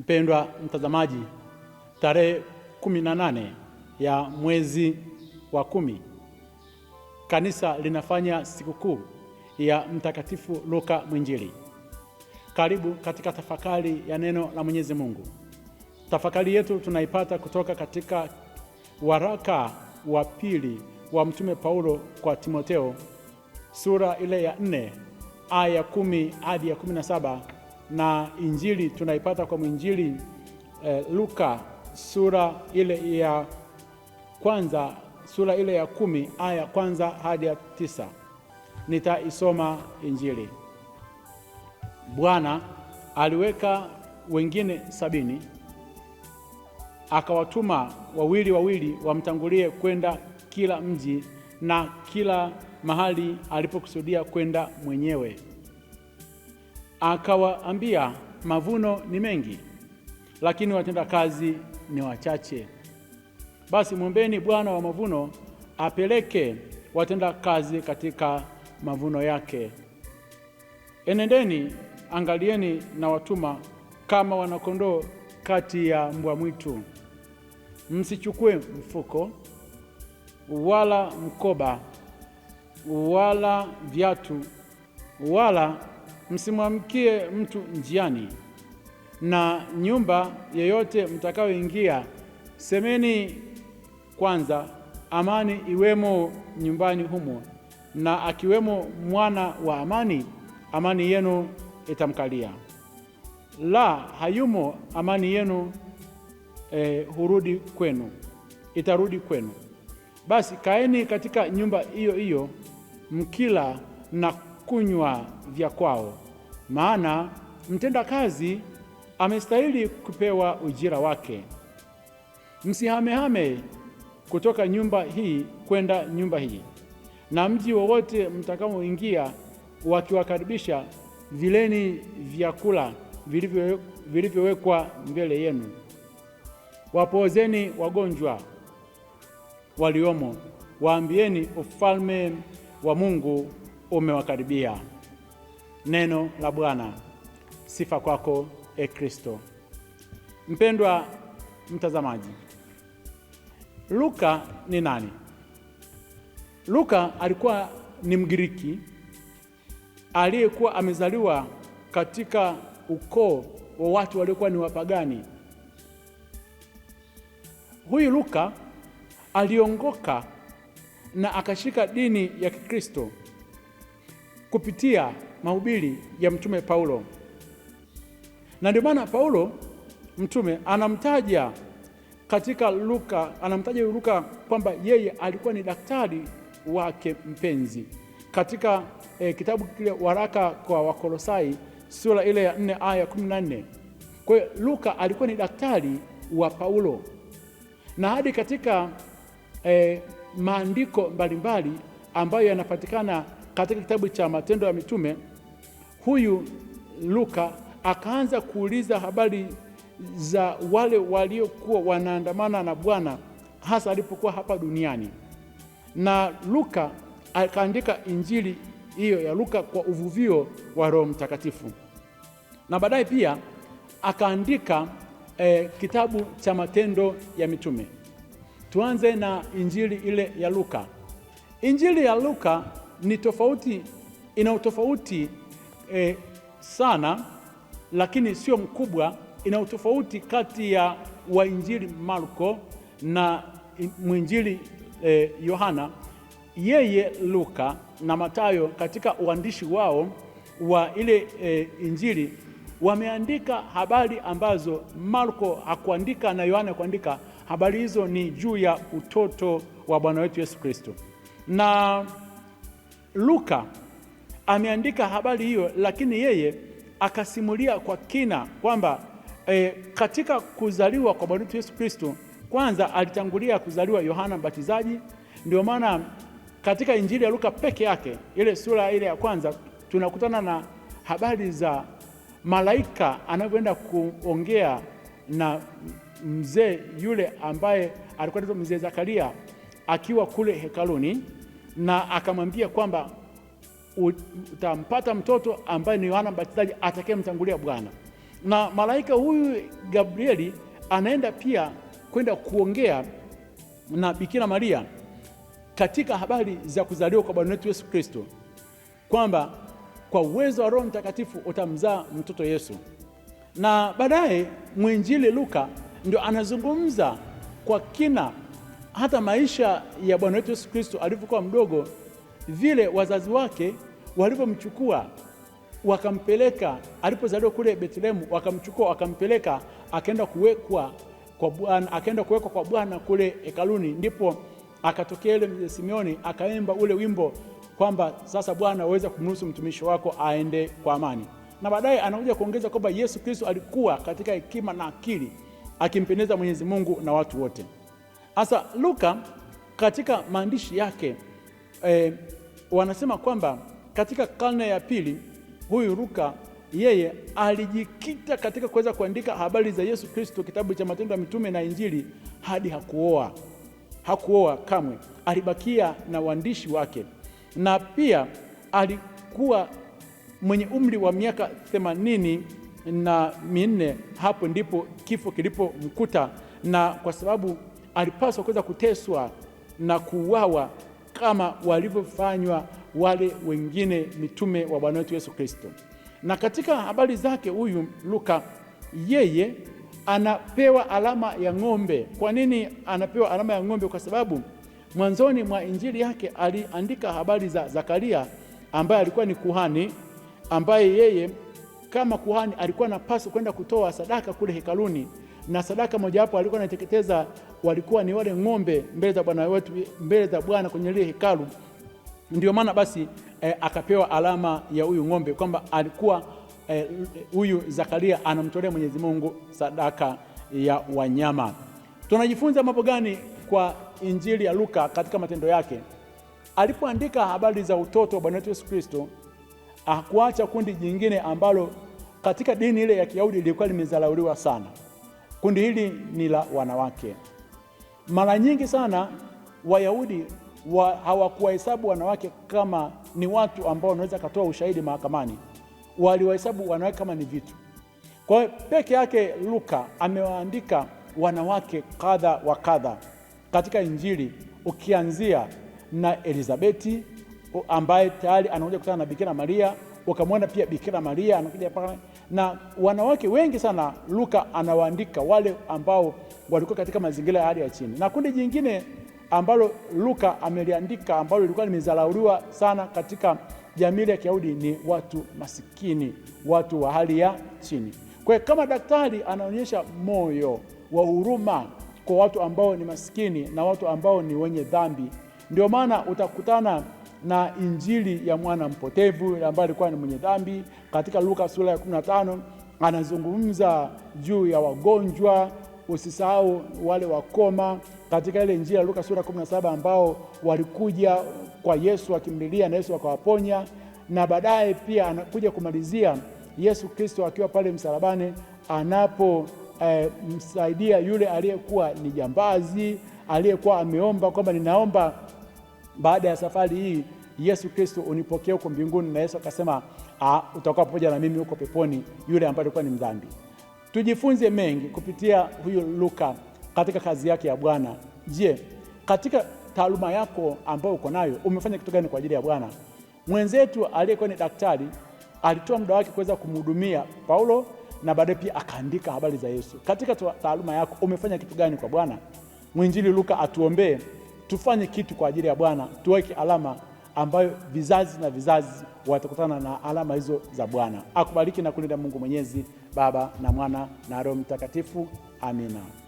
Mpendwa mtazamaji, tarehe nane ya mwezi wa kumi kanisa linafanya sikukuu ya Mtakatifu Luka Mwinjili. Karibu katika tafakari ya neno la Mwenyezi Mungu. Tafakari yetu tunaipata kutoka katika waraka wa pili wa Mtume Paulo kwa Timoteo sura ile ya nne aya ya 10 hadi ya 17 na injili tunaipata kwa mwinjili eh, Luka sura ile ya kwanza sura ile ya kumi aya kwanza hadi ya tisa. Nitaisoma injili. Bwana aliweka wengine sabini akawatuma wawili wawili wamtangulie kwenda kila mji na kila mahali alipokusudia kwenda mwenyewe akawaambia, mavuno ni mengi, lakini watenda kazi ni wachache. Basi mwombeni Bwana wa mavuno apeleke watenda kazi katika mavuno yake. Enendeni, angalieni na watuma kama wanakondoo kati ya mbwa mwitu. Msichukue mfuko wala mkoba wala viatu wala msimwamkie mtu njiani, na nyumba yeyote mtakayoingia semeni kwanza, amani iwemo nyumbani humo, na akiwemo mwana wa amani, amani yenu itamkalia; la hayumo, amani yenu e, hurudi kwenu, itarudi kwenu. Basi kaeni katika nyumba hiyo hiyo mkila na kunywa vya kwao, maana kazi amestahili kupewa ujira wake. Msihamehame kutoka nyumba hii kwenda nyumba hii, na mji wowote mtakaoingia wakiwakaribisha, vileni vyakula vilivyowekwa mbele yenu, wapoozeni wagonjwa waliomo, waambieni ufalme wa Mungu umewakaribia. Neno la Bwana. Sifa kwako e Kristo. Mpendwa mtazamaji, Luka ni nani? Luka alikuwa ni Mgiriki aliyekuwa amezaliwa katika ukoo wa watu waliokuwa ni wapagani. Huyu Luka aliongoka na akashika dini ya Kikristo kupitia mahubiri ya mtume Paulo, na ndio maana Paulo mtume anamtaja katika Luka, anamtaja Luka kwamba yeye alikuwa ni daktari wake mpenzi katika e, kitabu kile waraka kwa Wakolosai sura ile ya 4 aya 14. Kwa hiyo Luka alikuwa ni daktari wa Paulo na hadi katika e, maandiko mbalimbali ambayo yanapatikana katika kitabu cha Matendo ya Mitume, huyu Luka akaanza kuuliza habari za wale waliokuwa wanaandamana na Bwana hasa alipokuwa hapa duniani, na Luka akaandika injili hiyo ya Luka kwa uvuvio wa Roho Mtakatifu, na baadaye pia akaandika eh, kitabu cha Matendo ya Mitume. Tuanze na injili ile ya Luka. Injili ya Luka ni tofauti, ina utofauti eh, sana lakini sio mkubwa. Ina utofauti kati ya wainjili Marko na mwinjili eh, Yohana eh, yeye Luka na matayo katika uandishi wao wa ile eh, injili wameandika habari ambazo Marko hakuandika na Yohana hakuandika. Habari hizo ni juu ya utoto wa Bwana wetu Yesu Kristo na Luka ameandika habari hiyo, lakini yeye akasimulia kwa kina kwamba e, katika kuzaliwa kwa Bwana Yesu Kristo kwanza alitangulia kuzaliwa Yohana Mbatizaji. Ndio maana katika Injili ya Luka peke yake ile sura ile ya kwanza tunakutana na habari za malaika anavyoenda kuongea na mzee yule ambaye alikuwa mzee Zakaria akiwa kule hekaluni na akamwambia kwamba utampata mtoto ambaye ni Yohana Mbatizaji atakayemtangulia Bwana. Na malaika huyu Gabrieli anaenda pia kwenda kuongea na Bikira Maria katika habari za kuzaliwa kwa Bwana wetu Yesu Kristo, kwamba kwa uwezo wa Roho Mtakatifu utamzaa mtoto Yesu. Na baadaye mwinjili Luka ndio anazungumza kwa kina hata maisha ya Bwana wetu Yesu Kristo alivyokuwa mdogo, vile wazazi wake walivyomchukua wakampeleka, alipozaliwa kule Betlehemu, wakamchukua wakampeleka, akaenda kuwekwa kwa Bwana, akaenda kuwekwa kwa Bwana kule hekaluni, ndipo akatokea ile mzee Simeoni akaimba ule wimbo kwamba sasa Bwana aweza kumruhusu mtumishi wako aende kwa amani, na baadaye anakuja kuongeza kwamba Yesu Kristo alikuwa katika hekima na akili, akimpendeza Mwenyezi Mungu na watu wote. Sasa Luka katika maandishi yake e, wanasema kwamba katika karne ya pili huyu Luka yeye alijikita katika kuweza kuandika habari za Yesu Kristo, kitabu cha Matendo ya Mitume na Injili hadi hakuoa. Hakuoa kamwe, alibakia na waandishi wake, na pia alikuwa mwenye umri wa miaka themanini na minne. Hapo ndipo kifo kilipomkuta, na kwa sababu alipaswa kuweza kuteswa na kuuawa kama walivyofanywa wale wengine mitume wa Bwana wetu Yesu Kristo. Na katika habari zake huyu Luka, yeye anapewa alama ya ng'ombe. Kwa nini anapewa alama ya ng'ombe? Kwa sababu mwanzoni mwa injili yake aliandika habari za Zakaria ambaye alikuwa ni kuhani, ambaye yeye kama kuhani alikuwa anapaswa kwenda kutoa sadaka kule hekaluni na sadaka mojawapo alikuwa wanateketeza walikuwa ni wale ng'ombe mbele za Bwana wetu mbele za Bwana kwenye lile hekalu. Ndio maana basi e, akapewa alama ya huyu ng'ombe kwamba alikuwa eh, huyu e, Zakaria anamtolea Mwenyezi Mungu sadaka ya wanyama. Tunajifunza mambo gani kwa Injili ya Luka katika matendo yake? Alipoandika habari za utoto wa Bwana wetu Yesu Kristo, hakuacha kundi jingine ambalo katika dini ile ya Kiyahudi lilikuwa limezalauliwa sana. Kundi hili ni la wanawake. Mara nyingi sana Wayahudi wa, hawakuwahesabu wanawake kama ni watu ambao wanaweza katoa ushahidi mahakamani, waliwahesabu wanawake kama ni vitu. Kwa hiyo peke yake Luka amewaandika wanawake kadha wa kadha katika Injili, ukianzia na Elizabeti ambaye tayari anakuja kutana na Bikira Maria, ukamwona pia Bikira Maria anakuja pale na wanawake wengi sana Luka anawaandika wale ambao walikuwa katika mazingira ya hali ya chini, na kundi jingine ambalo Luka ameliandika ambalo lilikuwa limezalauliwa sana katika jamii ya Kiyahudi ni watu masikini, watu wa hali ya chini. Kwa hiyo kama daktari anaonyesha moyo wa huruma kwa watu ambao ni masikini na watu ambao ni wenye dhambi, ndio maana utakutana na injili ya mwana mpotevu ambaye alikuwa ni mwenye dhambi. Katika Luka sura ya 15 anazungumza juu ya wagonjwa, usisahau wale wakoma, katika ile injili ya Luka sura ya 17 ambao walikuja kwa Yesu wakimlilia na Yesu akawaponya, na baadaye pia anakuja kumalizia Yesu Kristo akiwa pale msalabani anapo eh, msaidia yule aliyekuwa ni jambazi aliyekuwa ameomba kwamba ninaomba baada ya safari hii Yesu Kristo unipokee huko mbinguni, na Yesu akasema ah, utakuwa pamoja na mimi huko peponi, yule ambaye alikuwa ni mdhambi. Tujifunze mengi kupitia huyu Luka katika kazi yake ya Bwana. Je, katika taaluma yako ambayo uko nayo umefanya kitu gani kwa ajili ya Bwana? Mwenzetu aliyekuwa ni daktari alitoa muda wake kuweza kumhudumia Paulo na baadaye pia akaandika habari za Yesu. Katika taaluma yako umefanya kitu gani kwa Bwana? Mwinjili Luka atuombee tufanye kitu kwa ajili ya Bwana, tuweke alama ambayo vizazi na vizazi watakutana na alama hizo za Bwana. Akubariki na kulinda Mungu Mwenyezi, Baba na Mwana na Roho Mtakatifu. Amina.